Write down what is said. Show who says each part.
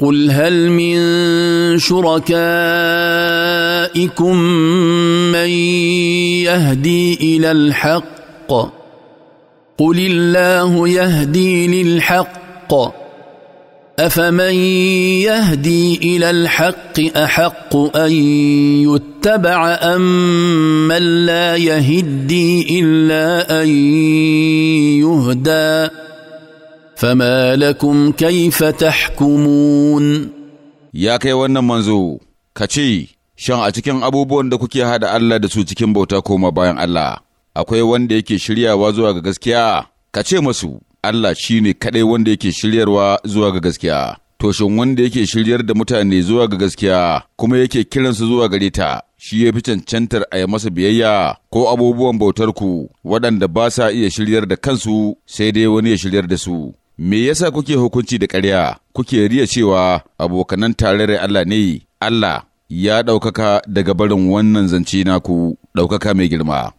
Speaker 1: قل هل من شركائكم من يهدي الى الحق قل الله يهدي للحق افمن يهدي الى الحق احق ان يتبع امن أم لا يهدي الا ان يهدي فما لكم كيف تحكمون
Speaker 2: يا كي wannan manzo kace shan a cikin abubuwan da kuke hada Allah da su cikin bauta koma bayan Allah akwai wanda yake shiryawa zuwa ga gaskiya kace masu Allah shine kadai wanda yake shiryarwa zuwa ga gaskiya to shin wanda yake shiryar da mutane zuwa ga gaskiya kuma yake kiransu zuwa gare ta shi ya fi cancantar a yi masa biyayya ko abubuwan bautar ku, waɗanda ba sa iya shiryar da kansu sai dai wani ya shiryar da su Me yasa kuke hukunci da ƙarya, kuke riya cewa abokanan tarayyar Allah ne, Allah ya ɗaukaka daga barin wannan zance naku ɗaukaka mai girma.